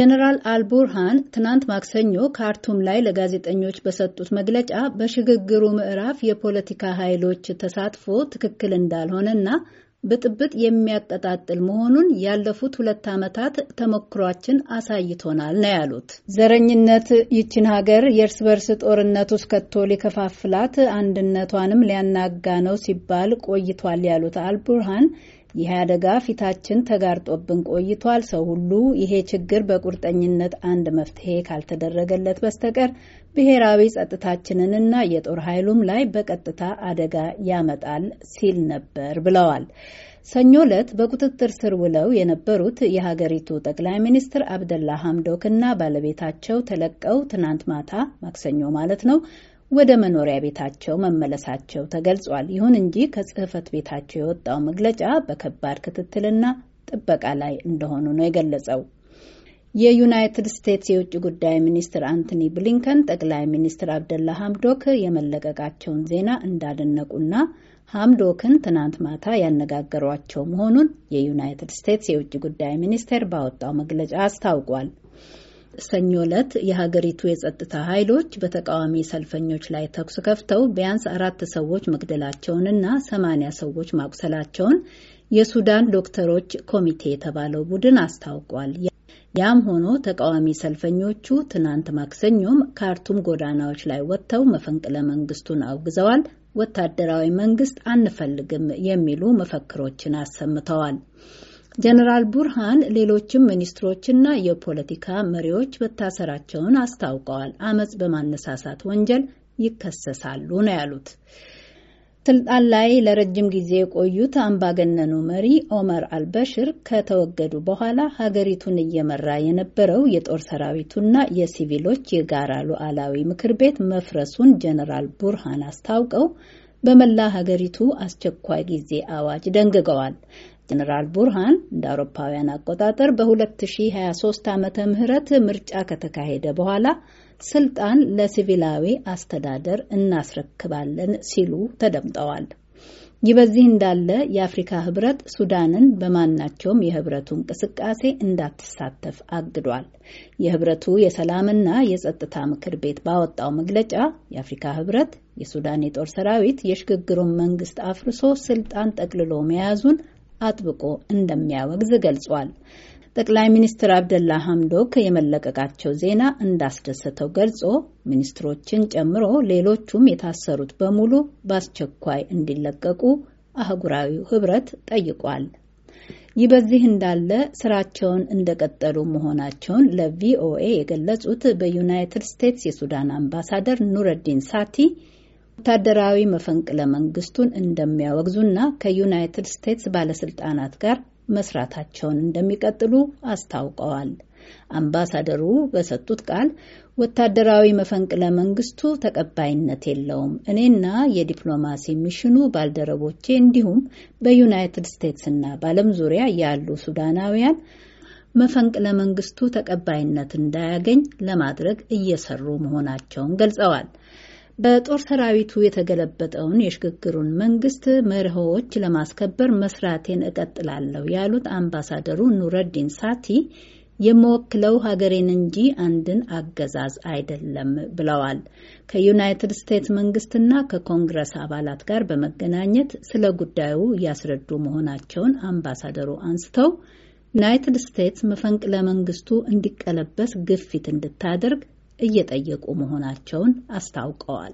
ጀነራል አልቡርሃን ትናንት ማክሰኞ ካርቱም ላይ ለጋዜጠኞች በሰጡት መግለጫ በሽግግሩ ምዕራፍ የፖለቲካ ኃይሎች ተሳትፎ ትክክል እንዳልሆነና ብጥብጥ የሚያቀጣጥል መሆኑን ያለፉት ሁለት ዓመታት ተሞክሯችን አሳይቶናል ነው ያሉት። ዘረኝነት ይችን ሀገር የእርስ በርስ ጦርነት ውስጥ ከቶ ሊከፋፍላት አንድነቷንም ሊያናጋ ነው ሲባል ቆይቷል ያሉት አልቡርሃን ይህ አደጋ ፊታችን ተጋርጦብን ቆይቷል። ሰው ሁሉ ይሄ ችግር በቁርጠኝነት አንድ መፍትሄ ካልተደረገለት በስተቀር ብሔራዊ ጸጥታችንንና የጦር ኃይሉም ላይ በቀጥታ አደጋ ያመጣል ሲል ነበር ብለዋል። ሰኞ ዕለት በቁጥጥር ስር ውለው የነበሩት የሀገሪቱ ጠቅላይ ሚኒስትር አብደላ ሀምዶክ እና ባለቤታቸው ተለቀው ትናንት ማታ ማክሰኞ ማለት ነው ወደ መኖሪያ ቤታቸው መመለሳቸው ተገልጿል። ይሁን እንጂ ከጽህፈት ቤታቸው የወጣው መግለጫ በከባድ ክትትልና ጥበቃ ላይ እንደሆኑ ነው የገለጸው። የዩናይትድ ስቴትስ የውጭ ጉዳይ ሚኒስትር አንቶኒ ብሊንከን ጠቅላይ ሚኒስትር አብደላ ሀምዶክ የመለቀቃቸውን ዜና እንዳደነቁና ሀምዶክን ትናንት ማታ ያነጋገሯቸው መሆኑን የዩናይትድ ስቴትስ የውጭ ጉዳይ ሚኒስቴር ባወጣው መግለጫ አስታውቋል። ሰኞ ዕለት የሀገሪቱ የጸጥታ ኃይሎች በተቃዋሚ ሰልፈኞች ላይ ተኩስ ከፍተው ቢያንስ አራት ሰዎች መግደላቸውንና ሰማንያ ሰዎች ማቁሰላቸውን የሱዳን ዶክተሮች ኮሚቴ የተባለው ቡድን አስታውቋል። ያም ሆኖ ተቃዋሚ ሰልፈኞቹ ትናንት ማክሰኞም ካርቱም ጎዳናዎች ላይ ወጥተው መፈንቅለ መንግስቱን አውግዘዋል። ወታደራዊ መንግስት አንፈልግም የሚሉ መፈክሮችን አሰምተዋል። ጀነራል ቡርሃን ሌሎችም ሚኒስትሮችና የፖለቲካ መሪዎች መታሰራቸውን አስታውቀዋል። አመፅ በማነሳሳት ወንጀል ይከሰሳሉ ነው ያሉት። ስልጣን ላይ ለረጅም ጊዜ የቆዩት አምባገነኑ መሪ ኦመር አልበሽር ከተወገዱ በኋላ ሀገሪቱን እየመራ የነበረው የጦር ሰራዊቱና የሲቪሎች የጋራ ሉዓላዊ ምክር ቤት መፍረሱን ጀነራል ቡርሃን አስታውቀው በመላ ሀገሪቱ አስቸኳይ ጊዜ አዋጅ ደንግገዋል። ጀነራል ቡርሃን እንደ አውሮፓውያን አቆጣጠር በ2023 ዓመተ ምህረት ምርጫ ከተካሄደ በኋላ ስልጣን ለሲቪላዊ አስተዳደር እናስረክባለን ሲሉ ተደምጠዋል። ይህ በዚህ እንዳለ የአፍሪካ ህብረት ሱዳንን በማናቸውም የህብረቱ እንቅስቃሴ እንዳትሳተፍ አግዷል። የህብረቱ የሰላምና የጸጥታ ምክር ቤት ባወጣው መግለጫ የአፍሪካ ህብረት የሱዳን የጦር ሰራዊት የሽግግሩን መንግስት አፍርሶ ስልጣን ጠቅልሎ መያዙን አጥብቆ እንደሚያወግዝ ገልጿል። ጠቅላይ ሚኒስትር አብደላ ሐምዶክ የመለቀቃቸው ዜና እንዳስደሰተው ገልጾ ሚኒስትሮችን ጨምሮ ሌሎቹም የታሰሩት በሙሉ በአስቸኳይ እንዲለቀቁ አህጉራዊው ህብረት ጠይቋል። ይህ በዚህ እንዳለ ስራቸውን እንደቀጠሉ መሆናቸውን ለቪኦኤ የገለጹት በዩናይትድ ስቴትስ የሱዳን አምባሳደር ኑረዲን ሳቲ ወታደራዊ መፈንቅለ መንግስቱን እንደሚያወግዙና ከዩናይትድ ስቴትስ ባለስልጣናት ጋር መስራታቸውን እንደሚቀጥሉ አስታውቀዋል። አምባሳደሩ በሰጡት ቃል ወታደራዊ መፈንቅለ መንግስቱ ተቀባይነት የለውም፣ እኔና የዲፕሎማሲ ሚሽኑ ባልደረቦቼ እንዲሁም በዩናይትድ ስቴትስና በዓለም ዙሪያ ያሉ ሱዳናውያን መፈንቅለ መንግስቱ ተቀባይነት እንዳያገኝ ለማድረግ እየሰሩ መሆናቸውን ገልጸዋል። በጦር ሰራዊቱ የተገለበጠውን የሽግግሩን መንግስት መርሆዎች ለማስከበር መስራቴን እቀጥላለሁ ያሉት አምባሳደሩ ኑረዲን ሳቲ የምወክለው ሀገሬን እንጂ አንድን አገዛዝ አይደለም ብለዋል። ከዩናይትድ ስቴትስ መንግስትና ከኮንግረስ አባላት ጋር በመገናኘት ስለ ጉዳዩ እያስረዱ መሆናቸውን አምባሳደሩ አንስተው ዩናይትድ ስቴትስ መፈንቅለ መንግስቱ እንዲቀለበስ ግፊት እንድታደርግ እየጠየቁ መሆናቸውን አስታውቀዋል።